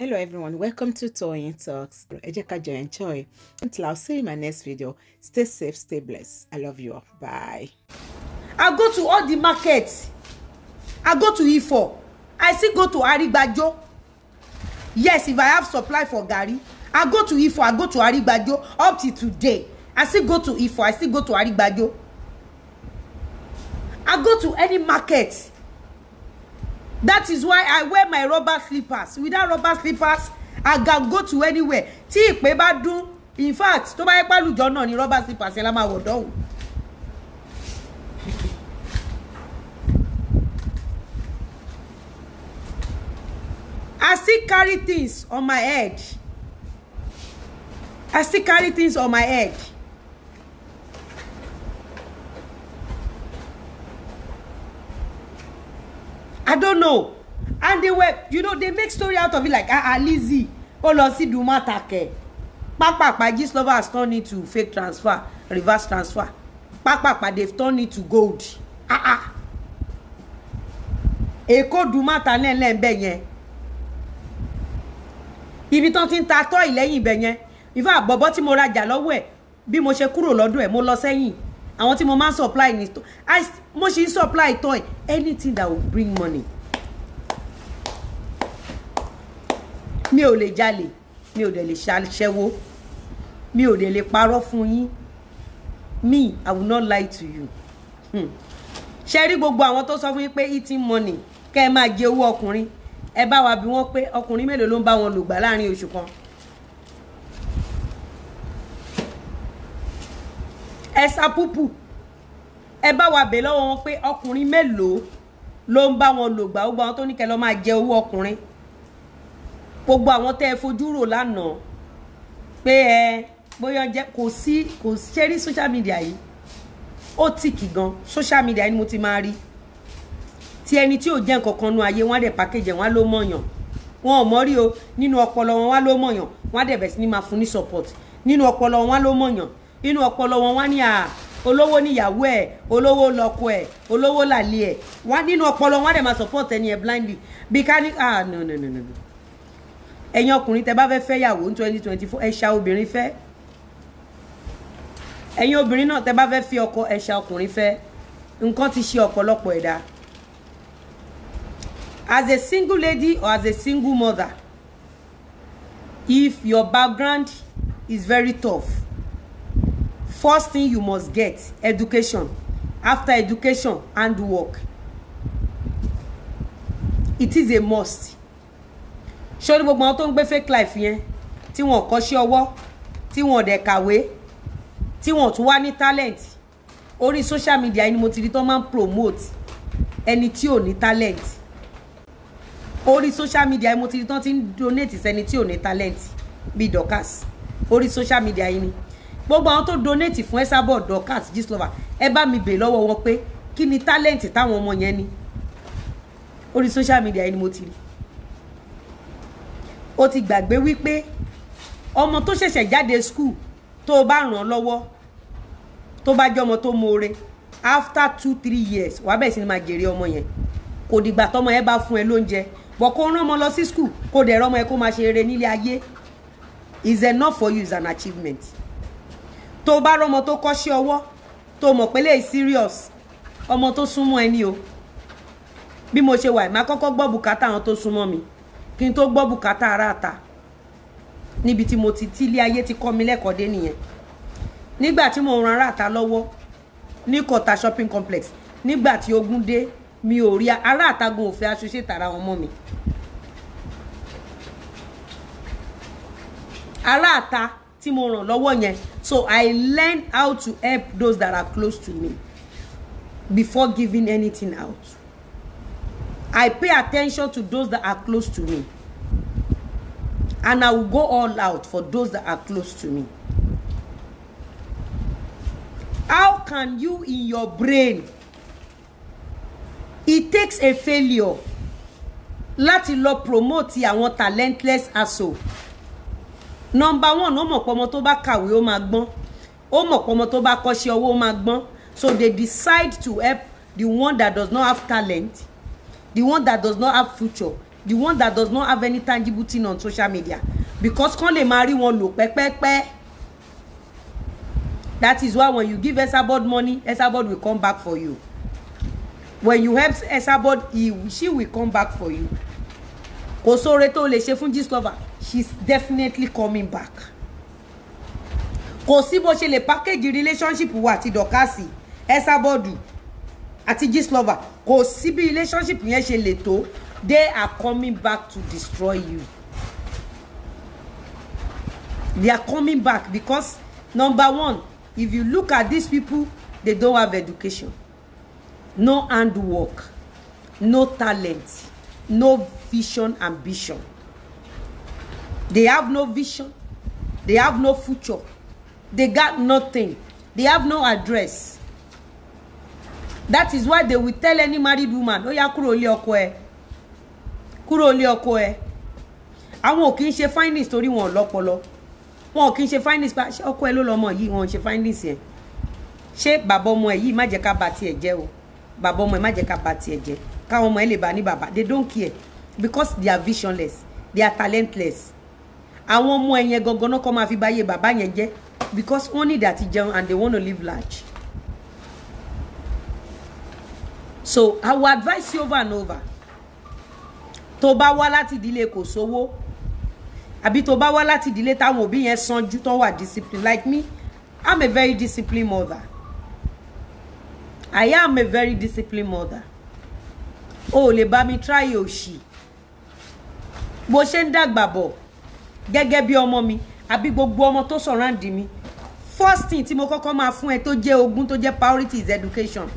hello everyone welcome to Toyeen Talks ẹ jẹ́ ká enjoy until i'll see you in my next video stay safe stay blessed i love you all bye i go to all the markets i go to Ifo e i still go to Arigbajo yes if i have supply for Gary, i go to Ifo e i go to Arigbajo up till today i still go to Ifo e i still go to Arigbajo i go to any market that is why i wear my rubber slippers without rubber slippers i can go to anywhere tí ìpè bá dún in fact tó bá yẹ pálùjọ náà ni rubber slippers yẹn la máa wọ̀ dọ́hùn. i still carry things on my head i still carry things on my head i don't know and they were you know they make story out of it like ah ah Lizzy ó lọ sí Dumatake pápápá Gistlover has turned into fake transfer reverse transfer pápápá they've turned into gold ah ah Eko Dumata lẹ́ẹ̀lẹ́ ń bẹ̀ yẹn ibi tán ti ń ta tọ́ ìlẹ́yìn ibẹ̀ yẹn ìfọ̀ àbọ̀bọ́ tí mo rajà lọ́wọ́ ẹ̀ bí mo ṣe kúrò lọ́dún ẹ̀ mo lọ sẹ́yìn àwọn tí mo máa ń supply ní I mo ṣe ń supply toy anything that will bring money mi ò lè jalè mi ò dẹ̀ lè ṣàṣẹ́wó mi ò dẹ̀ lè parọ́ fún yín me I will not lie to you hmm. ṣe rí gbogbo àwọn tó sọ fún yín pé eating money kẹ́ ẹ máa jẹ owó ọkùnrin ẹ bá wa bí wọ́n pé ọkùnrin mélòó ló ń bá wọn lògbà láàrin oṣù kan ẹ̀sà púpù ẹ bá wa bè lọ́wọ́ wọn pé ọkùnrin mélòó ló ń bá wọn lò gbà ó gba àwọn tó ní kẹ́ lọ máa jẹ owó ọkùnrin gbogbo àwọn tẹ́ ẹ fojú rò lánàá pé ẹ bóyá jẹ kò sí kò ṣe rí social media yìí ó tìkì gan social media yìí ni mo ti máa rí tí ẹni tí ò jẹ́ nǹkan kan nu ayé wọn á dẹ̀ package wọn á ló mọ̀yàn wọn ò mọ̀ o nínú ọpọlọ wọn wá ló mọ̀yàn wọn á dẹ̀ bẹ̀ sí ni máa fún ní support nínú ọpọlọ wọn wá ló mọ̀yàn inú ọpọlọ wọn wá ní à olówó níyàwó ẹ olówó lọkọ ẹ olówó làlẹ ẹ wá nínú ọpọlọ wọn dẹ̀ máa support ẹni ẹ blindly bí ká ní ah no no no no ẹ̀yin ọkùnrin tẹ bá fẹ́ fẹ́ yàwó ní twenty twenty four ẹ ṣa obìnrin fẹ́ ẹ̀yin obìnrin náà tẹ bá fẹ́ fi ọkọ ẹ ṣa ọkùnrin fẹ́ nǹkan ti ṣe ọ̀pọ̀lọpọ̀ ẹ̀dá as a single lady or as a single mother if your background is very tough first thing you must get education after education handwork it is a must sórí gbogbo àwọn tó ń gbé fake life yẹn tí wọn kọ́ṣẹ́ ọwọ́ tí wọn dẹ̀ kawe. tí wọn tún wá ní talent orí social media ni mo ti rí tó máa promote ẹni tí ò ní talent orí social media yìí mo ti rí tó ti donate sẹ́ni tí ò ní talent bíi Dorkas orí social media yìí ni gbogbo àwọn tó donate fún Esabod Dorcas Gistlover ẹ bá mi bè lọ́wọ́ wọn pé kí ni talent táwọn ọmọ yẹn ní orí social media yìí ni mo ti rí o ti gbàgbé wípé ọmọ tó ṣẹ̀ṣẹ̀ jáde school tó o bá ràn lọ́wọ́ tó bá jẹ́ ọmọ tó moore after two three years wàá bẹ̀rẹ̀ sí ni máa jèrè ọmọ yẹn kò dìgbà tọmọ yẹn bá fún ẹ lóúnjẹ bọ̀ kó rán ọmọ lọ sí school kó dẹ̀ rán ọmọ yẹn kó máa ṣe eré nílé ayé is enough for you is an achievement tó bá rọmọ tó kọ́ṣẹ́ ọwọ́ tó mọ̀ pé lè serious ọmọ tó súnmọ́ ẹni o bí mo ṣe wà má kọ́kọ́ gbọ́ bùkátà àwọn tó sumo mi kí n tó gbọ́ bùkátà ara ta níbi tí mo ti tí ilé ayé ti kọ́ mi lẹ́kọ̀ọ́ dé nìyẹn nígbà tí mo ran ara ta lọ́wọ́ ní kọta shopping complex nígbà tí ogunde dé mi ò rí ara àtagun òfin aṣoṣe tara wọn mọ́ mi. ara àta tí mo ràn lọ́wọ́ yẹn so I learn how to help those that are close to me before giving anything out I pay attention to those that are close to me and I will go all out for those that are close to me how can you in your brain it takes a failure láti lọ promote àwọn talentless asshole nọmba one ó mọ̀ pé ọmọ tó bá kàwé ó máa gbọ́n ó mọ̀ pé tó bá kọ́ṣẹ́ ọwọ́ ó máa gbọ́n so they decide to help the one that does not have talent the one that does not have future the one that does not have any tangible thing on social media because kán lè máa rí wọn lò pẹ́pẹ́pẹ́ that is why when you give esabod money esabod will come back for you when you help esabod he she will come back for you kò sóore tó lè ṣe fún gistlover she's definitely coming back kò sí bó ṣe lè package relationship wa àti dọ̀kásì ẹ̀sàbọ̀dù àti gislover kò sí bí relationship yẹn ṣe lè tó they are coming back to destroy you they are coming back because number one if you look at these people they don't have education no handwork no talent no vision ambition They have no vision. They have no future. They got nothing. They have no address. That is why they will tell any married woman, oh yá kúrò ilé ọkọ ẹ. Kúrò ilé ọkọ ẹ. Àwọn ò kì í ṣe findings torí wọn lọ́pọlọ. Wọn ò kì í ṣe findings pa ṣé ọkọ ẹ ló lọ́mọ yìí wọn ò ṣe findings yẹn. Ṣé bàbá ọmọ ẹ yìí má jẹ́ ká bà tiẹ̀ jẹ́ o. Bàbá ọmọ ẹ má jẹ́ ká bà tiẹ̀ jẹ́. Káwọn ọmọ ẹ lè bà ní bàbá. They don't care because they are visionless. They are talentless àwọn ọmọ ẹ̀yẹn gangan náà kọ́ máa fi báyé bàbá yẹn jẹ́ because wọ́n need àti jẹun and they want to live large. so I will advise you over and over tó bá wá láti ìdílé kò sówó àbí tó bá wá láti ìdílé táwọn òbí yẹn sanjú tán wà discipline like me I'm a very disciplined mother I am a very disciplined mother o ò lè bá mi try òṣì bó ṣe ń dàgbà bọ̀ gẹ́gẹ́ bí ọmọ mi àbí gbogbo ọmọ tó surround mi first thing tí mo kọ́kọ́ máa fún ẹ tó jẹ́ ogún tó jẹ́ priority education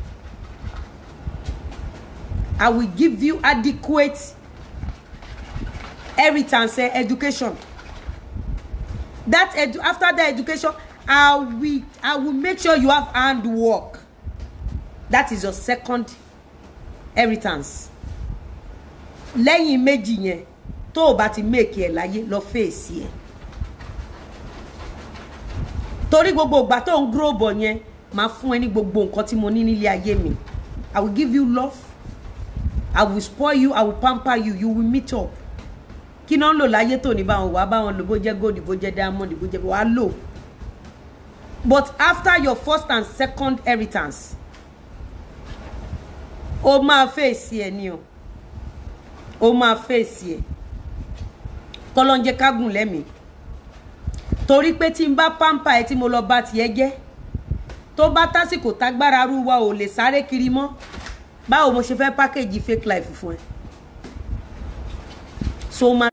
I will give you adequate inheritance eh, education that edu after that education I will I will make sure you have hand work that is your second inheritance lẹ́yìn méjì yẹn tó o bá ti méèkì ẹ̀ láyé lọ fèsì ẹ̀ torí gbogbo ìgbà tó ń dúró bọ̀ yẹn máa fún ẹ ní gbogbo nǹkan tí mo ní nílé ayé mi I will give you love I will spoil you I will pamper you you will meet up kí náà ń lò láyé tó ní báwọn wà báwọn lò bó jẹ́ gold bó jẹ́ diamond bó jẹ́ wàá lò but after your first and second inheritance o máa fèsì ẹ ni o o máa fèsì ẹ kọ́lọ́ ń jẹ́ ká gùn lẹ́mìí torí pé tí n bá pàmpà ẹ tí mo lọ bá tiẹ̀ jẹ́ tó bá tásìkò tágbára arú wa ò lè sáré kiri mọ́ báwo mo ṣe fẹ́ pákéjì fake life fún ẹ so ma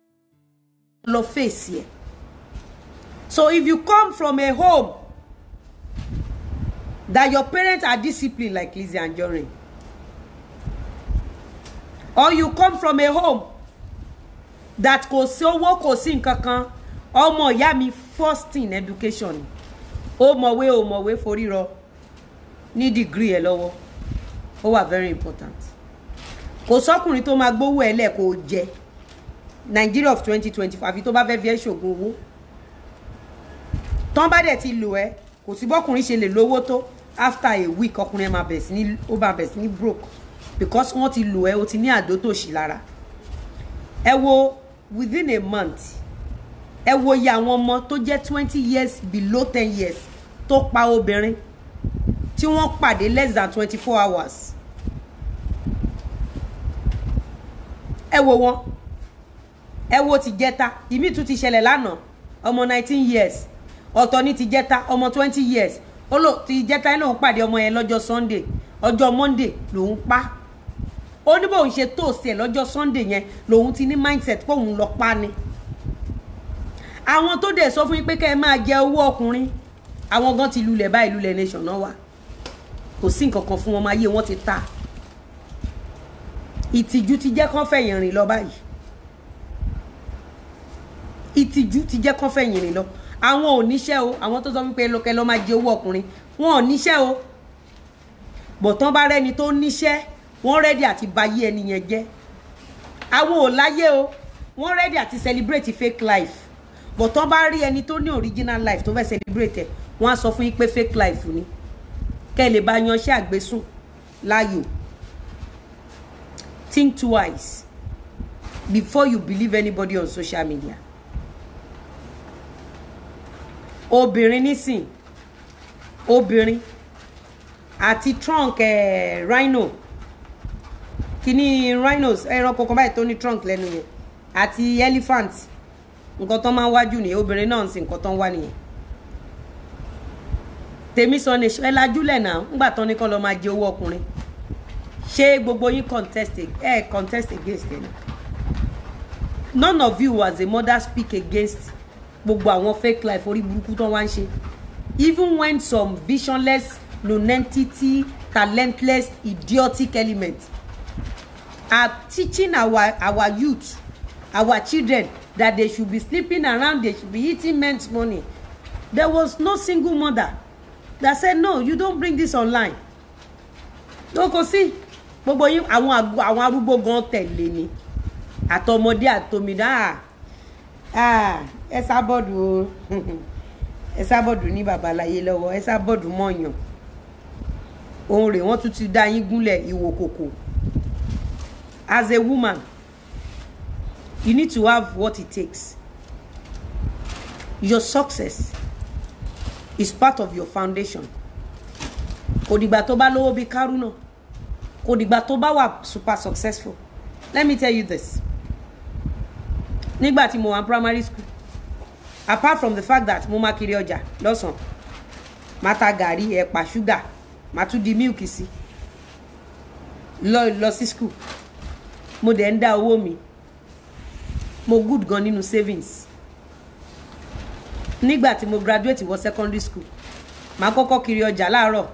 lọ fèsì ẹ so if you come from a home that your parents are disciplined like Lizzie and Anjorin or you come from a home that kò sí owó kò sí nǹkan kan ọmọ ìyá mi first in education ó mọ̀wé ó mọ̀wé forí rọ ní degree ẹ̀ lọ́wọ́ ó wà very important kò sọ́kùnrin tó máa gbówó ẹ̀ lẹ̀ kó jẹ Nigeria of twenty twenty five àfi tó bá fẹ́ fi ẹ́ ṣògùn owó tán bá dẹ̀ ti lò ẹ́ kò sí bọ́kùnrin ṣe lè lówó tó after a week ọkùnrin ẹ̀ máa bẹ̀ sí ní ó máa bẹ̀ sí ní broke because wọ́n ti lò ẹ́ o ti ní àdótòṣì lára ẹ wo within a month ẹ wo iye àwọn ọmọ tó jẹ́ twenty years below ten years tó pa obìnrin tí wọ́n pàdé less than twenty four hours ẹ wo wọn ẹ wo ti jẹta ìmí tún ti ṣẹlẹ̀ lánàá ọmọ nineteen years ọ̀tọ̀ ní ti jẹta ọmọ twenty years ó lò ti jẹta ẹ lòun pàdé ọmọ yẹn lọ́jọ́ Sunday ọjọ́ Monday lòun pa ó ní bóun ṣe tóòsì ẹ̀ lọ́jọ́ sunday yẹn lòun ti ní mindset pé òun lọ pa ni àwọn tó dẹ̀ sọ fún yín pé kẹ́ ẹ máa jẹ owó ọkùnrin àwọn gan ti lulẹ̀ báyìí lulẹ̀ nation náà wà kò sí nǹkan kan fún wọn máa yé wọn ti ta ìtìjú ti jẹ́ kán fẹ̀yìn rìn lọ báyìí ìtìjú ti jẹ́ kán fẹ̀yìn rìn lọ àwọn ò níṣẹ́ o àwọn tó sọ wípé lọ́kẹ́ lọ́ máa jẹ owó ọkùnrin wọn ò níṣẹ́ o bọ̀tán bá rẹ́ni tó níṣẹ́ wọ́n rẹ́dí àti bayé ẹni yẹn jẹ́ àwọn ò láyé o wọ́n rẹ́dí àti celebrate fake life but tán bá rí ẹni tó ní original life tó fẹ́ celebrate ẹ̀ wọ́n á sọ fún yín pé fake life ni kẹ́ ẹ lè bá yanṣẹ́ àgbésùn láàyò think twice before you believe anybody on social media obìnrin nísìn obìnrin àti trunk eh, rhino Kini rhinos ẹran kankan báyìí tó ní trunk lẹ́nu yẹn àti elephant nǹkan tán máa ń wájú nìyẹn obìnrin náà ń sin nǹkan tán wá nìyẹn tèmi sọ ni ẹ lajúlẹ̀ náà ńgbà tán ní kán lọ́ọ́ máa jẹ owó ọkùnrin ṣé gbogbo yín contest ẹ contest against ẹ none of you as a mother speak against gbogbo àwọn fake life orí burúkú tán wá ń ṣe even when some visionless nonentity talentless idiotic elements are teaching our our youth our children that they should be sleeping around they should be eating men's money there was no single mother that said no you don't bring this online no kò sí gbogbo yín àwọn àwọn arúgbó gan tẹ̀lé ni àtọmọdé àtòmìnà ẹ sábọ́ọ̀dù o ẹ sábọ́ọ̀dù ní babaláyé lọ́wọ́ ẹ sábọ́ọ̀dù mọ̀yàn òun rè wọ́n tún ti dá yín gúnlẹ̀ ìwò kòkò as a woman you need to have what it takes your success is part of your foundation kò dìgbà tó bá lówó bíi kárúnà kò dìgbà tó bá wà super successful let me tell you this nígbà tí mo wà primary school apart from the fact that mo máa kiri ọjà lọ́sàn-án máa ta gàrí ẹ̀pà ṣúgà máa tún di mílkì sí lọ lọ sí school mo dẹ̀ ń dá owó mi mo good gan nínú savings nígbà tí mo graduate wọ secondary school màá kọ́kọ́ kiri ọjà láàárọ̀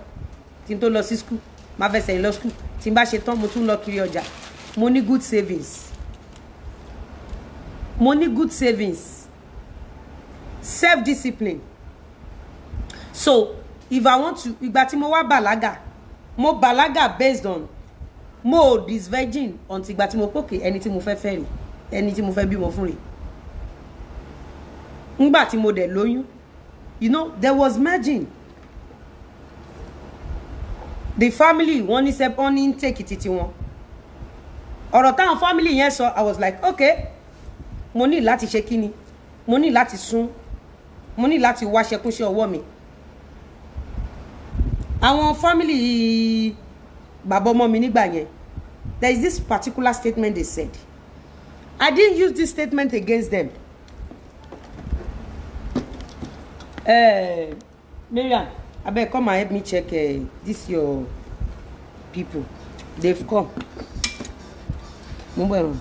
tí n tó lọ sí school màá fẹsẹ̀ lọ school tí n bá ṣe tán mo tún lọ kiri ọjà mo ní good savings mo ní good savings self discipline so if i want to ìgbà tí mo wá bàlágà mo bàlágà based on mo dis virgin until ìgbà ti mo pòkè ẹni tí mo fe fẹ́ rè ẹni tí mo fe bímọ fún rè ngbà tí mo dẹ̀ lóyún you know there was margin the family wọ́n ní sep wọ́n ní take titi wọn ọ̀rọ̀ táwọn family yẹn sọ i was like okay mo ní láti ṣe kíni mo ní lati sún mo ní láti wá ṣẹkúnṣe ọwọ́ mi àwọn family babo mo mi nígbà yẹn There is this particular statement they said. I didn't use this statement against them. Uh, Miriam, I better come and help me check uh, this your people. They've come. Move on.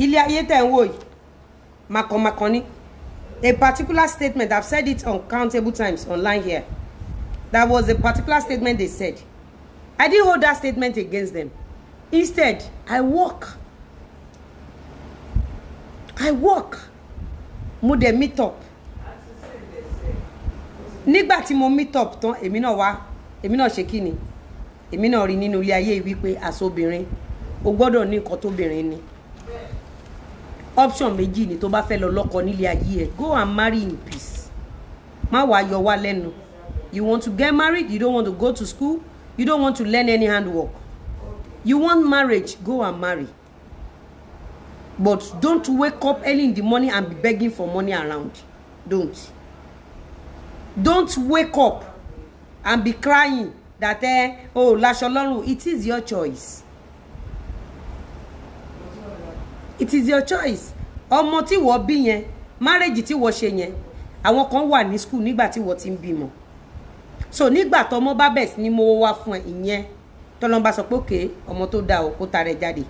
Ilé ayé tẹ̀ ń a particular statement, I've said it uncountable times online here. That was a particular statement they said. I didn't hold that statement against them. Instead, I walk. I walk. Mo dẹ̀ meet up. Nígbà tí mo meet up tán, èmi náà wá, èmi náà ṣe kíni? Èmi náà rí nínú ilé ayé wípé àsobìnrin, o gbọ́dọ̀ ní nǹkan tóbìnrin ni option meji ni tó bá fẹ́ lọ lọ́kọ nílé ayé ẹ̀ go and marry in peace Ma wa yo wa lẹ́nu you want to get married you don't want to go to school you don't want to learn any handwork you want marriage go and marry but don't wake up early in the morning and be begging for money around don't don't wake up and be crying that eh, oh laṣọ lọ́rùn it is your choice it is your choice ọmọ tí wọ́n bí yẹn márèjì tí wọ́n ṣe yẹn àwọn kan wà ní skul nígbà tí wọ́n ti ń bímọ so nígbà tọmọ bá bẹ̀ sí ni mo wá fún ẹ ìyẹn tọ́lọ́n bá sọ pé òkè ọmọ tó dáa o kó ta rẹ̀ jáde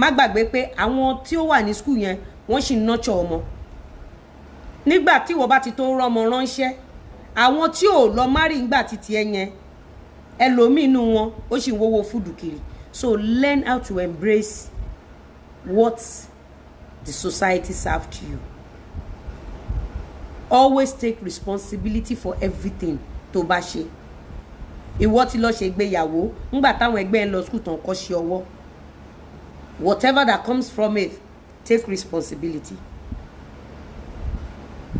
má gbàgbé pé àwọn tí ó wà ní skul yẹn wọ́n sì ń nọ́tsọ̀ ọmọ nígbà tí wọ́n bá ti tó rọmọ ránṣẹ́ àwọn tí ò lọ márì ńgbà títí ẹ yẹn ẹlòmínú wọn ó sì ń wọ́wọ́ fúdù so learn how to embrace what the societies after you always take responsibility for everything tó bá ṣe ìwọ ti lọ ṣe ìgbéyàwó ńgbà táwọn ẹgbẹ́ ẹ lọ skul tán kọ́ ṣe ọwọ́ whatever that comes from it take responsibility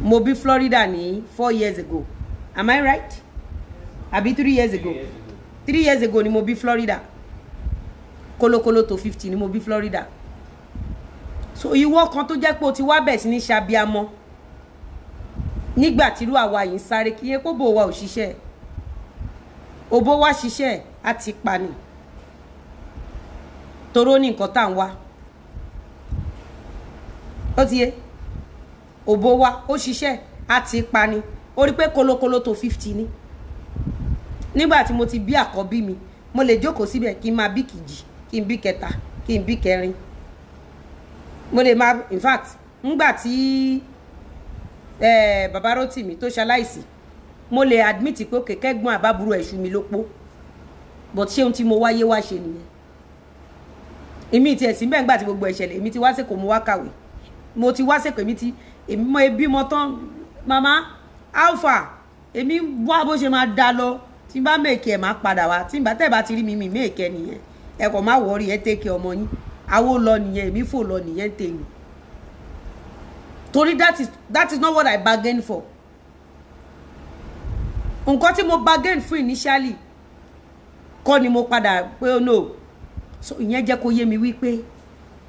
mo bí Florida ni four years ago am I right àbí three years ago three years ago ni mo bí Florida kólókóló to fifty ni mo bí Florida so ìwọ kan tó jẹ́ pé o ti wá bẹ̀ sí ní ṣabiamọ nígbà tírú àwa yìí ń sáré kí yẹn kó bò wá òṣìṣẹ́ òbó wá ṣiṣẹ́ àti pani toró ní nǹkan tá à ń wá ó ti yé òbó wá ó ṣiṣẹ́ àti pani ó rí pé kolokolo tó fifty ni nígbà tí mo ti bí àkọ́bí mi mo lè jókòó síbẹ̀ kí n máa bí kejì kí n bí kẹta kí n bí kẹrin mo lè máa in fact ngbà tí bàbá Rotimi tó ṣaláìsí mo lè admit pé òkè kẹ́gbọ́n àbábúrò ẹ̀ṣù mi ló but ṣé unti tí mo wáyé wá ṣe nìyẹn èmi ti ẹ̀sìn bẹ́ẹ̀ nígbà tí gbogbo ẹ̀ṣẹ̀lẹ̀ èmi ti wá sèkò mo wá kàwé mo ti wá sèkò èmi ti èmi mọ ebí mọ tán mama alpha èmi wá bó ṣe máa da lọ tí n bá mèkì ẹ̀ máa padà wá tí n bá tẹ̀ bá ti rí mi mi mèkì ẹ̀ nìyẹn ẹ̀ kò má wọrí ẹ̀ tẹ́kẹ̀ ọmọ àwo lọ nìyẹn èmi fò lọ nìyẹn tèmi torí that is that is not what I bargain for nǹkan tí mo bargain fún initially kọ́ ni mo padà pé oh no so ìyẹn jẹ́ kó yé mi wípé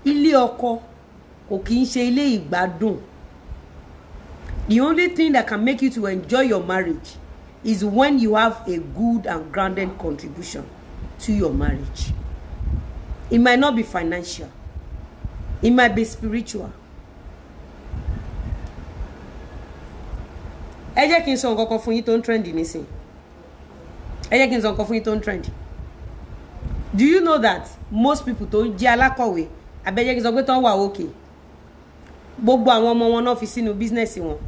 ilé ọkọ kò kì í ṣe ilé ìgbádùn the only thing that can make you to enjoy your marriage is when you have a good and grounded contribution to your marriage. It might not be financial. It might be spiritual. ẹ jẹ́ kí n sọ nǹkan kan fún yín tó ń trend nísìn ẹ jẹ́ kí n sọ nǹkan fún do you know that most people to ń jẹ́ alákọ̀wé abẹ́ jẹ́ kí n sọ pé tó ń wà òkè gbogbo àwọn ọmọ wọn náà fi sínú bísínẹ́sì wọn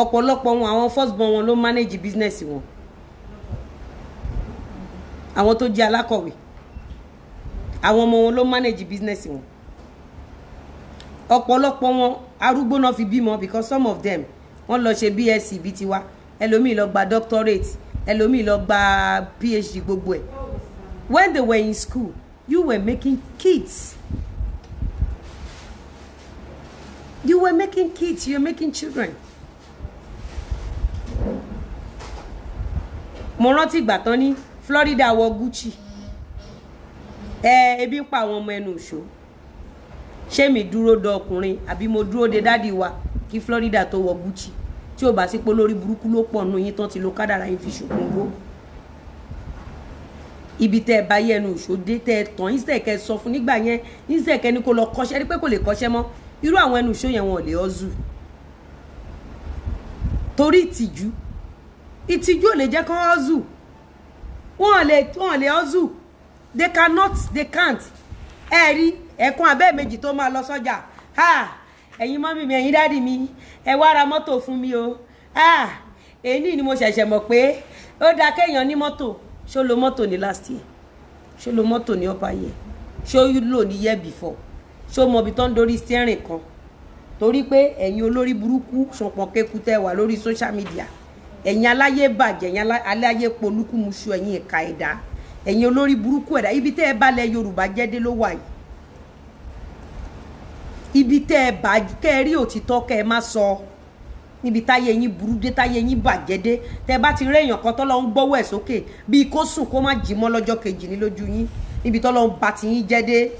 ọ̀pọ̀lọpọ̀ wọn àwọn first born wọn ló manage business wọn àwọn tó jẹ́ alákọ̀wé àwọn ọmọ wọn ló manage business wọn ọ̀pọ̀lọpọ̀ wọn arúgbó náà fi bímọ because some of them wọ́n lọ ṣe BSc bíi tiwa ẹlòmíì lọ gba doctorate ẹlòmíì lọ gba PhD gbogbo ẹ̀ when they were in school you were making kids you were making kids you were making children. mo rántí ìgbà tán ní Florida wọ Gucci ẹ ebi ń pa àwọn ọmọ ẹnu òṣó ṣé mi dúró dọ ọkùnrin àbí mo duro de dádì wa kí Florida tó wọ Gucci tí ò bá sí pé lórí burúkú ló pọ̀ nù yín tán ti lo kádàrá yín fi ṣògùn owó ibi tẹ ẹ bá yẹ ẹnu òṣó dé tẹ ẹ tàn yín sẹkẹ sọ fún nígbà yẹn yín sẹkẹ ni kò lọ kọ́ṣẹ́ rí pé kò lè kọ́ṣẹ́ mọ́ irú àwọn ẹnu òṣó yẹn wọn ò lè ọ zù torí ìtìjú ìtìjú ò lè jẹ́ kán ọ zù wọn ò they cannot they can't ẹ rí ẹ̀kún abẹ́ méjì tó máa lọ sọ́jà ẹ̀yin mọ́mí mi ẹ̀yin dáàdì mi ẹ wá ra mọ́tò fún mi o èyí ni mo ṣẹ̀ṣẹ̀ mọ̀ pé ó dáa kéèyàn ní mọ́tò ṣó lo mọ́tò ní last year ṣó lo mọ́tò ní upper year ṣó lò ní year before ṣó mọ ibi tó ń dorí steering kan torí pé ẹ̀yin olórí burúkú ṣọ̀pọ̀n kéku tẹ́ wà lórí social media ẹ̀yin aláyé bàjẹ́ ẹ̀yin aláyé polúkúmuṣu ẹ̀yin ìka ẹ̀dá. E ẹ̀yin olórí burúkú ẹ̀dá ibi tẹ́ ẹ bá lẹ Yorùbá jẹ́dé ló wà yìí ibi tẹ́ ẹ bá kẹ́ ẹ rí òtítọ́ kẹ́ ẹ má sọ níbi táyé yín burú dé táyé yín bàjẹ́ dé tẹ́ ẹ bá ti rí èèyàn kan tọ́lọ́ ń gbọ́wọ́ ẹ̀ sókè bíi kó sùn kó má jí mọ́ lọ́jọ́ kejì ní lójú yín níbi tọ́lọ́ ń ba ti yín jẹ́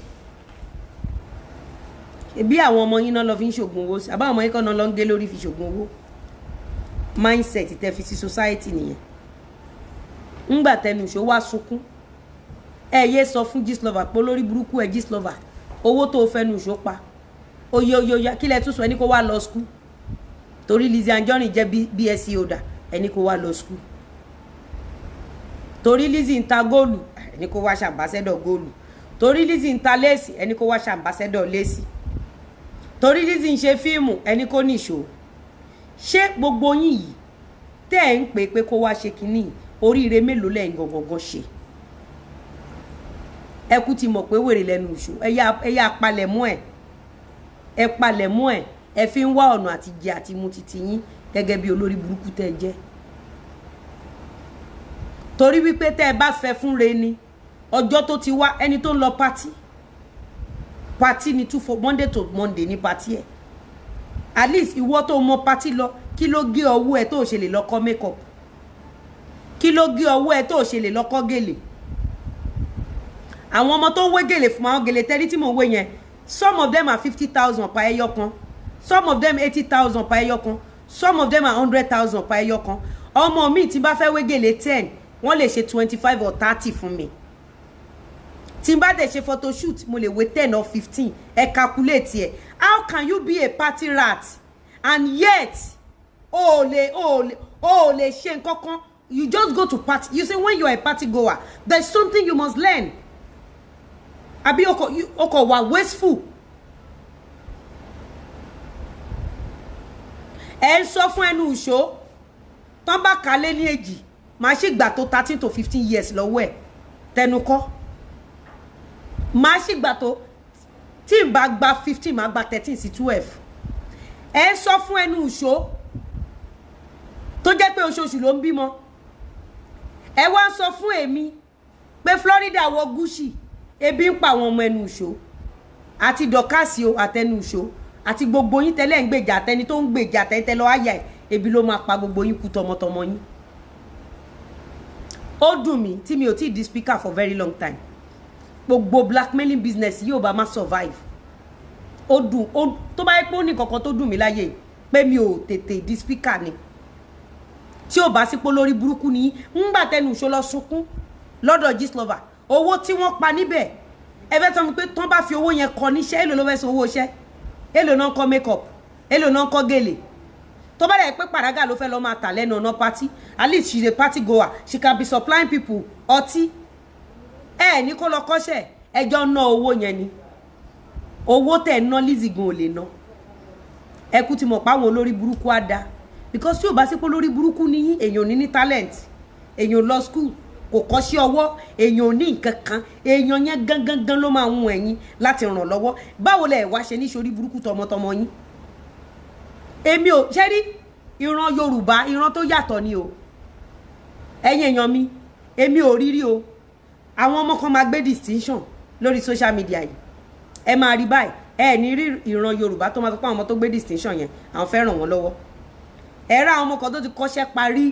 bí àwọn ọmọ yín náà lọ fi ń ṣògùn owó àbá ọmọ yín kan náà lọ ń gé lórí fi ṣògùn owó mindset tẹ́ fi sí society nìyẹn ńgbà tẹnu ìṣó wá sunkún ẹ yé sọ fún Gistlover pé olórí burúkú ẹ Gistlover owó tó fẹnu ìṣó pa oye oye oye kí lẹ tún sọ ẹni kó wá lọ skul torí Lizzy Anjorin jẹ́ BSc e holder ẹni kó wá lọ skul torí Lizzy ń ta góòlù ẹni kó wá ṣàmbásẹ́dọ̀ góòlù torí Lizzy ń ta léèsì ẹni kó wá ṣàmbásẹ́dọ̀ léèsì torí Lizzy ṣe fíìmù ẹni kó nìṣó ṣé gbogbo yìí tẹ́ ẹ̀ ń pè pé kó wá ṣe kínní oríire mélòó lẹ́yìn gangan ṣe ẹkú ti mọ̀ pé wèrè lẹ́nu oṣù ẹ yá palẹ̀ mọ́ ẹ̀ ẹ palẹ̀ mọ́ ẹ̀ ẹ fi ń wá ọ̀nà àti jẹ àti mu titi yín gẹ́gẹ́ bí olórí burúkú tẹ́ ẹ jẹ́ torí wípé tẹ́ ẹ bá fẹ́ fún re ni ọjọ́ tó ti wá ẹni tó ń lọ pátí pátí ni two for monday to monday ní pátí ẹ̀ at least ìwọ tó mọ pátí lọ kí ló gé ọwọ́ ẹ tó ṣe lè lọ́kọ́ make up kí ló gé ọwọ́ ẹ tó ṣe lè lọ́kọ́ gèlè àwọn ọmọ tó ń wé gèlè fún àwọn gèlè tẹ́rí tí mò wé yẹn some of them are fifty thousand pa ẹyọ kan some of them eighty thousand pa ẹyọ kan some of them are hundred thousand pa ẹyọ kan ọmọ mi tí n bá fẹ́ wé gèlè ten wọ́n lè ṣe twenty five or thirty fún mi tí n bá dẹ̀ ṣe photoshoot mo lè wé ten or fifteen ẹ calculate ẹ how can you be a party rat and yet o oh, lè o oh, lè o oh, lè ṣe nǹkan you just go to party you say when you are a party goer there is something you must learn àbí ọkọ̀ wà wasteful ẹ ń sọ fún ẹnu ìṣó tán bá kà á lé ní èjì màá sì gbà tó thirteen to fifteen years lọ́wọ́ ẹ̀ tẹnu kọ́ màá sì gbà tó tí n bá gba fifteen màá gba thirteen sí twelve ẹ ń sọ fún ẹnu ìṣó tó jẹ́ pé oṣooṣù ló ń bímọ ẹ wá ń sọ fún èmi pé Florida wọ Gucci ebi ń pa àwọn ọmọ ẹnu ìṣó àti dọ̀kásì o àtẹnu ìṣó àti gbogbo yín tẹ́lẹ̀ ń gbèjà àtẹni tó ń gbèjà àtẹni tẹ́lẹ̀ ayà ẹ̀ ebi ló máa pa gbogbo yín kú tọmọtọmọ yín ó dùn mí tí mi ò tí ì di speaker for very long time gbogbo blackmailing business yóò bá má survive ó dùn ó tó bá yẹ pé ó ní kankan tó dùn mí láyè pé mi ò tètè di speaker ni tí ò bá sí pé olórí burúkú ni yín ń gbà tẹnu ìṣó lọ sunkún lọ́dọ̀ gist lover owó tí wọ́n pa níbẹ̀ ẹ fẹ́ sọ fún mi pé tán bá fi owó yẹn kọ níṣẹ́ èlò ló fẹ́ san owó iṣẹ́ èlò náà ń kọ makeup èlò náà ń kọ gèlè tó bá dẹ̀ pé pàdágà ló fẹ́ lọ́ọ́ máa tà lẹ́nu ọ̀nà party. at least she is a party goer she can be supplying people ọtí ẹ ní kó lọ kọ́ṣẹ́ ẹjọ́ ná owó yẹn ni owó tẹ̀ ná Lizzie ò lè ná ẹkú ti mọ̀ páwọn olórí burúkú á da because tí ò bá sí pé olórí burúkú ní èèyàn ní ní talent èèyàn lọ school kò kọ́ sí ọwọ́ èèyàn ò ní nǹkan kan èèyàn yẹn gangan ló máa ń hun ẹ̀yin láti ràn lọ́wọ́ báwo lẹ̀ wá ṣe ní sórí burúkú tọmọtọmọ yín èmi ò ṣe rí ìran Yorùbá ìran tó yàtọ̀ ni o ẹ̀yin èèyàn mi èmi ò rírí o àwọn ọmọ kan máa gbé distinction lórí social media yìí ẹ máa rí báyìí ẹ ní rí ìran Yorùbá tó máa tó pa àwọn ọmọ tó gbé distinction yẹn àwọn fẹ́ ràn wọ́n lọ́wọ́ ẹ̀rọ àwọn ọmọ kan tó ti kọ́ṣẹ́ parí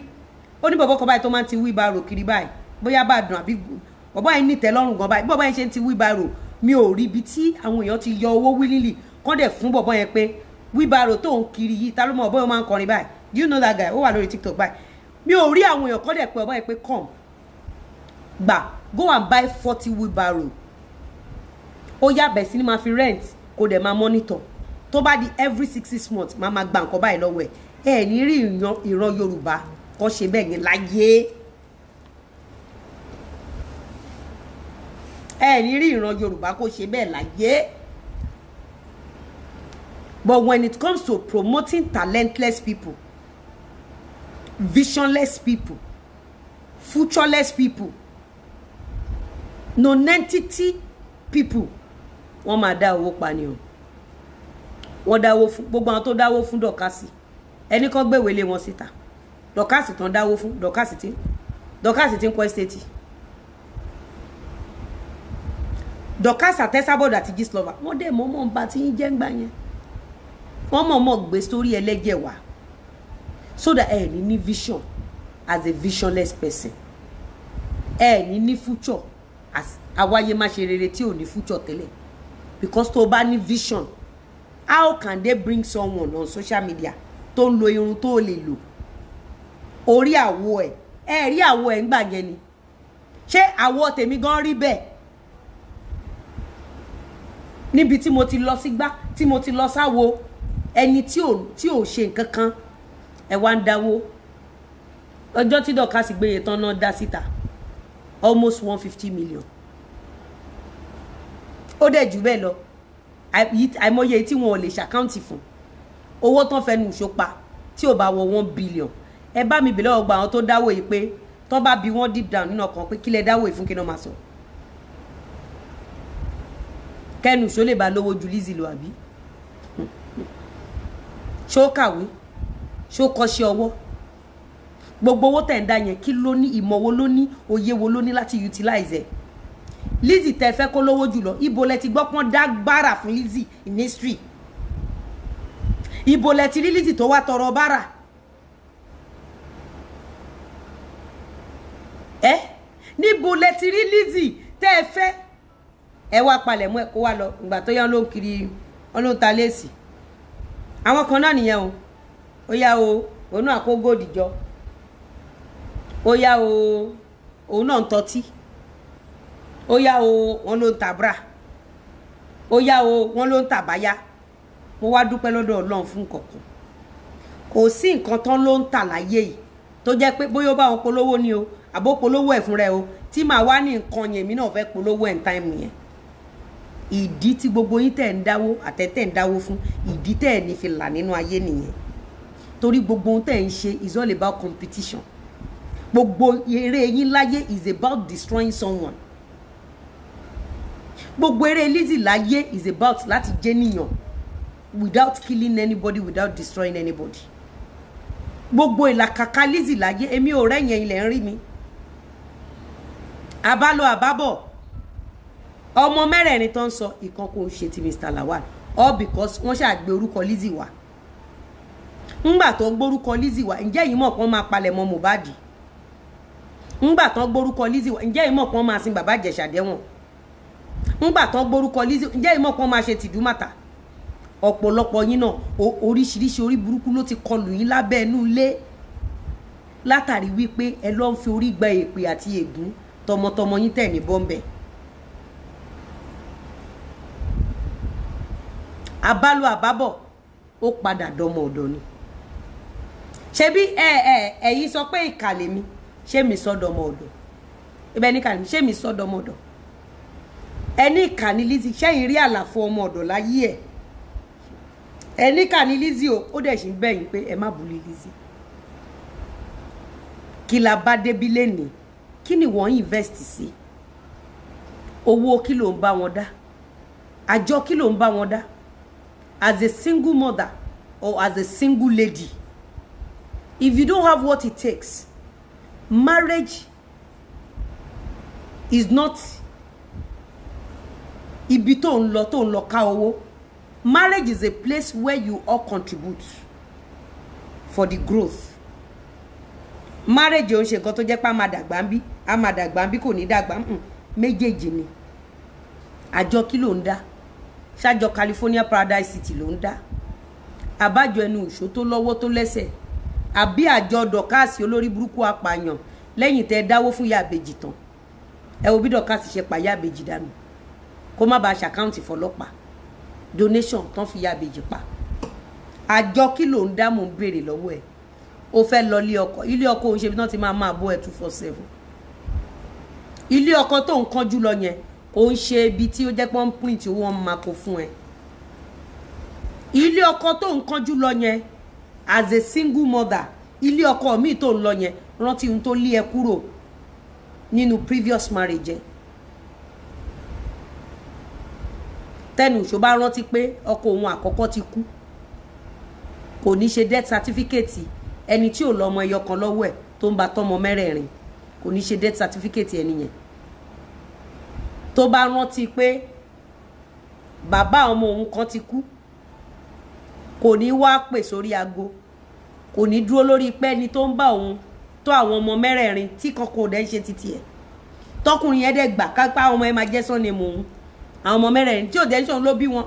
ó ní bọ̀bọ́ kan báyìí tó máa ti wí bá rò báyìí bóyá bàdàn àbí bàbá yẹn nìtẹ́ lọ́rùn gan báyìí bàbá yẹn ṣe ń ti wheelbarrow mi ò rí ibi tí àwọn èèyàn ti yọ owó wílìlì kán dẹ̀ fún bàbá yẹn pé wheelbarrow tó ń kiri yìí ta ló mọ máa ń kọrin báyìí do you know that guy ó wà lórí tiktok báyìí mi ò rí àwọn èèyàn kán dẹ̀ pé bàbá yẹn pé come gbà go and buy forty wheelbarrow ó yàbẹ̀ sí ni máa fi rent kó dẹ̀ máa monitor tó bá di every six six months máa máa gba nǹkan báyìí lọ́wọ́ ẹ̀ ẹ̀ ní rí ìran yorùbá kọ́ ṣe bẹ́ẹ̀ yẹn láyé. ẹ rí ìran yorùbá kó ṣe bẹ́ẹ̀ láyé but when it comes to promoting talentless people visionless people futureless people nonentity people wọ́n máa dá owó pa ni o wọ́n dáwó fún gbogbo àwọn tó dáwó fún dọ̀kásì ẹnì kan gbéwèlé wọn síta dọ̀kásì tán dáwó fún dọ̀kásì tí dọ̀kásì tí ń kọ́ ẹ́stéètì Dorcas àtẹ́sàbọ̀dọ̀ àti Gistlover wọ́n dẹ̀ mọ́mọ́ ń ba tí yín jẹ́ ń gbà yẹn wọ́n mọ̀ọ́mọ̀ gbé sórí ẹlẹ́jẹ̀ wá so that ẹ̀ ní ní vision as a visionless person ẹ̀ ní ní future as awáyé má ṣe rere tí ò ní future tẹ́lẹ̀ because tó o bá ní vision how can they bring someone on social media tó ń lo irun tó o lè lò orí àwọ̀ ẹ̀ ẹ̀ rí àwọ̀ ẹ̀ ń gbà yẹn ni ṣé àwọ̀ tèmi gan rí bẹ́ẹ̀ níbi tí mo ti lọ sígbá tí mo ti lọ sáwo ẹni tí ò ṣe nǹkan kan ẹ wá ń dáwó ọjọ́ tí dọ̀ka sì gbé yẹn náà dá síta almost one fifty million ó dẹ̀ jù bẹ́ẹ̀ lọ àìmọye tí wọn ò lè ṣàkáǹtì fún owó tán fẹnu ìṣópa tí ò bá wọ one billion ẹ bá mi bèlè ọgbà àwọn tó dáwọ́ yìí pé tọ́ bá bí wọ́n deep down nínú ọkàn pé kílẹ̀ dáwọ́ yìí fún kí n náà máa sọ̀rọ̀ kẹ́nu ṣó lè ba lówó ju Lizzy lọ àbí ṣó kàwé ṣó kọ́ṣẹ́ ọwọ́ gbogbo owó tẹ̀ ń dá yẹn kí ló ní ìmọ̀ wo ló ní òye wo ló ní láti utilize ẹ̀ Lizzy tẹ fẹ́ kó lówó jùlọ ibo lẹ ti gbọ́ pọ́n dá fún Lizzy in history ibo lẹ ti rí Lizzy tó wá tọrọ bára ẹ níbo lẹ ti rí Lizzy tẹ́ fẹ́ ẹ wá palẹ̀ mọ́ ẹ kó wá lọ ìgbà tó yá ló ń kiri kan náà o ó yá o òun náà kó góòdì jọ o òun náà ń tọ́tí ó yá o wọn ló ń ta bra ó o wọn ló ń ta mo wá dúpẹ́ lọ́dọ̀ ọlọ́run fún kọ̀ọ̀kan kò sí nǹkan tán ló ń tà láyé yìí tó jẹ́ pé bóyá wọn polówó ni o àbó polówó ẹ̀ fúnra ẹ o tí màá ìdí tí gbogbo yín tẹ̀ ń dáwó àtẹ̀tẹ̀ ń dáwó fún ìdí tẹ̀ ní fi là nínú ayé nìyẹn torí gbogbo ohun tẹ̀ ń ṣe is all about competition gbogbo eré yín láyé is about destroying someone gbogbo eré Lizzy láyé is about láti jẹ́ nìyàn without killing anybody without destroying anybody gbogbo ìlàkàkà Lizzy láyé èmi ò rẹ́yìn ilẹ̀ ń rí mi àbálọ àbábọ̀ ọmọ mẹ́rẹ̀ẹ̀rin tó ń sọ ìkan kò ṣe ti Mr. Lawal all because wọ́n ṣàgbé orúkọ Lizzy wá ńgbà tó gbórúkọ Lizzy wá ǹjẹ́ yìí mọ̀ kán máa palẹ̀ mọ́ Mohbad ńgbà tán gbórúkọ Lizzy wá ǹjẹ́ yìí mọ̀ kán máa sin bàbá Ìjẹ̀ṣà dẹ́wọ̀n ńgbà tán gbórúkọ Lizzy ǹjẹ́ yìí mọ̀ kán máa ṣe tìdúmàtà ọ̀pọ̀lọpọ̀ yín náà oríṣiríṣi orí burúkú ló ti kọlù yín lábẹ́ inú ilé látàrí wípé ẹ lọ́ ń fi orí gba èpè àti ègún tọmọtọmọ yín tẹ̀ ní bọ́m̀bẹ̀ àbálò àbábọ̀ ó padà dọmọ ọ̀dọ̀ ni ṣebí e e ẹ̀yin sọ pé ìkàlẹ̀ mi ṣé mi sọ dọmọ ọ̀dọ̀ ibẹ̀ ní ìkàlẹ̀ mi ṣé mi sọ dọmọ ọ̀dọ̀ ẹni ìkànnì Lizzy ṣẹ́yìn rí àlàfo ọmọ ọ̀dọ̀ láyé ẹ̀ ẹni ìkànnì Lizzy o ó dẹ̀ sì ń bẹ̀yìn pé ẹ má bully Lizzy kí la bá débi lénìí kí ni wọ́n invest sí owó kí ló ń bá wọn dá àjọ kí ló ń bá as a single mother or as a single lady if you don't have what it takes marriage is not Ibito tó ń owo. marriage is a place where you all contribute for the growth marriage ò ń ṣe nǹkan tó jẹ́ pé a máa dàgbà ń bí a máa dàgbà ń bí kò ní ni àjọ kí ló ṣájọ California Paradise City ló ń dá àbájọ ẹnu ìṣó tó lọ́wọ́ tó lẹ́sẹ̀ àbí àjọ dọ̀káàsì olórí burúkú apààyàn lẹ́yìn tẹ́ dáwó fún ìyá àbèjì tán ẹ wo bí dọ̀káàsì ṣe pa ìyá àbèjì dànù kó má bàa ṣàkáǹtì fọlọ́pàá donation tán fi ìyá àbèjì pa àjọ kí ló ń dá mò ń béèrè lọ́wọ́ ẹ̀ o fẹ́ lọ ilé ọkọ ilé ọkọ òun ṣe bí wọ́n ti máa máa bó ẹ̀ two four seven ilé ọkọ tó ń kánjú lọ yẹn ó ń ṣe ibi tí ó jẹ́ pé wọ́n ń print owó wọn máa kó fún ẹ ilé ọkọ tó ń kánjú lọ yẹn as a single mother ilé ọkọ mi to ń lọ yẹn rántí ohun tó lé ẹ kúrò nínú previous marriage ẹ tẹnu ìṣó bá rántí pé ọkọ òun àkọ́kọ́ ti kú kò ní ṣe death certificate ẹni tí ò lọ́mọ ẹyọ kan lọ́wọ́ ẹ̀ tó ń ba tọ́mọ mẹ́rẹ̀ẹ̀rin kò ní ṣe death certificate ẹni yẹn tó bá rántí pé bàbá ọmọ òun kan ti kú kò ní wá pè sórí aago kò ní dúró lórí pé ẹni tó ń bá òun tó àwọn ọmọ mẹ́rẹ̀ẹ̀rin tí kankan ò dẹ́ ń ṣe títí ẹ̀ tọkùnrin yẹn dẹ̀ gbà kápá àwọn ọmọ ẹ máa jẹ́ sọ́ni mò ń àwọn ọmọ mẹ́rẹ̀ẹ̀rin tí ò dẹ́ ń ló bí wọn.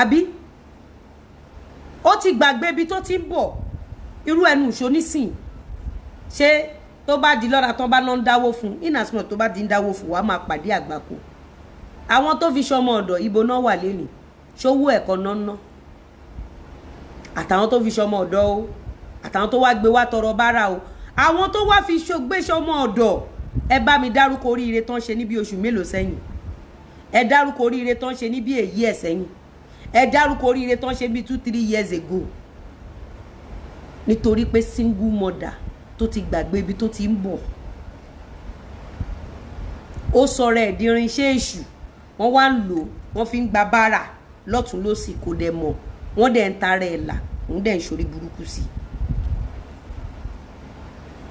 àbí ó ti gbàgbé ibi tó ti ń bọ̀ irú ẹnu ìṣó nísìn ṣé tó bá di lọ́ra tó bá lọ ń dáwó fún inasmuch tó bá di ń dáwó fún wàá máa pàdé àgbákò àwọn tó fi ṣọmọ ọ̀dọ̀ ibo náà wà lẹ́nu ṣówó ẹ̀kọ́ náà ná àtàwọn tó fi ṣọmọ ọ̀dọ̀ o àtàwọn tó wá gbé wá tọrọ bára o àwọn tó wá fi gbé ṣọmọ ọ̀dọ̀ ẹ bá mi dárúkọ oríire tán ṣe ní oṣù mélòó sẹ́yìn ẹ dárúkọ oríire tán ṣe ní èyí ẹ̀ sẹ́yìn ẹ dárúkọ oríire tán ṣe bí two three years ago nítorí pé single mother tó ti gbàgbé ibi tó ti ń bọ̀ ó sọ̀rọ̀ ẹ̀dínrín iṣẹ́ èṣù wọ́n wá ń lò wọ́n fi ń gba bára lọ́tún lọ́sì kò dẹ̀ mọ̀ wọ́n dẹ̀ ń tara ẹ̀ là òun dẹ̀ ń ṣorí burúkú sí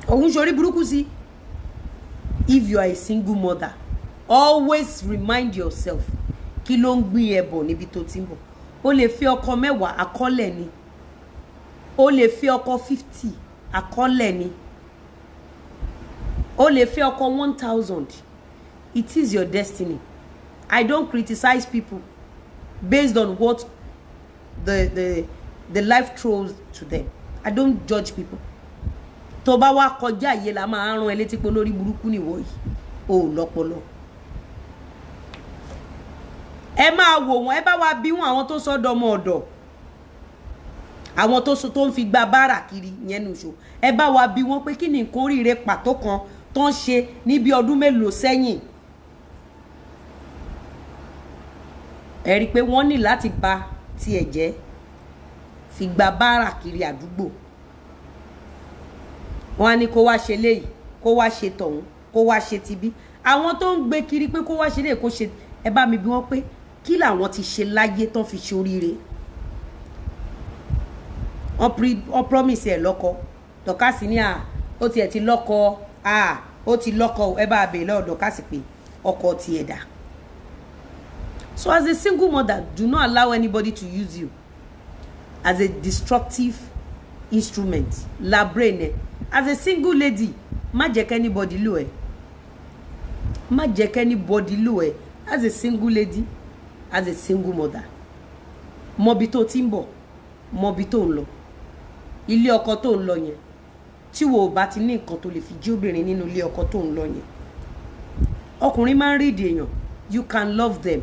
òun ṣorí burúkú sí if you are a single mother always remind yourself kí ló ń gbin ẹ bọ̀ níbi tó ti ń bọ̀ o lè fi ọkọ mẹ́wàá akọ́lẹ̀ ni o lè fi ọkọ fifty àkọọ́lẹ̀ ni o lè fẹ́ ọkọ one thousand it is your destiny i don't criticize people based on what the the the life throws to them i don't judge people tó bá wá kọjá yìí la máa rán ẹ létí pé olórí burúkú nìwọ yìí o ò lọ́pọlọ ẹ máa wò wọn ẹ bá wa bí wọn àwọn tó sọdọ ọmọ ọ̀dọ̀ àwọn tó so tó ń fi gba báárà kiri yẹn nu ṣò ẹ bá wa bí wọn pé kí ni nǹkan oríire pàtó kan tó ń ṣe níbi ọdún mélòó sẹ́yìn ẹ rí i pé wọ́n ní láti ba tiẹ̀ jẹ́ fi gba báárà kiri àdúgbò wọn á ní kó wá ṣe léyìí kó wá ṣe tọ̀hún kó wá ṣe tibí àwọn tó ń gbé kiri pé kó wá ṣe léyìí kó ṣe ẹ bá mi bí wọn pé kí làwọn ti ṣe láyé tán fi ṣoríire wọ́n promise ẹ̀ lọ́kọ dọ̀kásì ní à ó tiẹ̀ ti lọ́kọ à ó ti lọ́kọ ẹ bá a bèè lọ́wọ́ dọ̀kásì pé ọkọ tiẹ̀ dà so as a single mother do not allow anybody to use you as a destructive instrument labrene as a single lady má jẹ́ kẹ́nibọ́dì lò ẹ́ má jẹ́ kẹ́nibọ́dì lò ẹ́ as a single lady as a single mother mọbi tó ti ń bọ̀ mọbi tó ń lọ ilé ọkọ tó ń lọ yẹn tí wo ò bá ti ní nǹkan tó lè fi jí obìnrin nínú ilé ọkọ tó ń lọ yẹn ọkùnrin máa ń rídìí èèyàn you can love them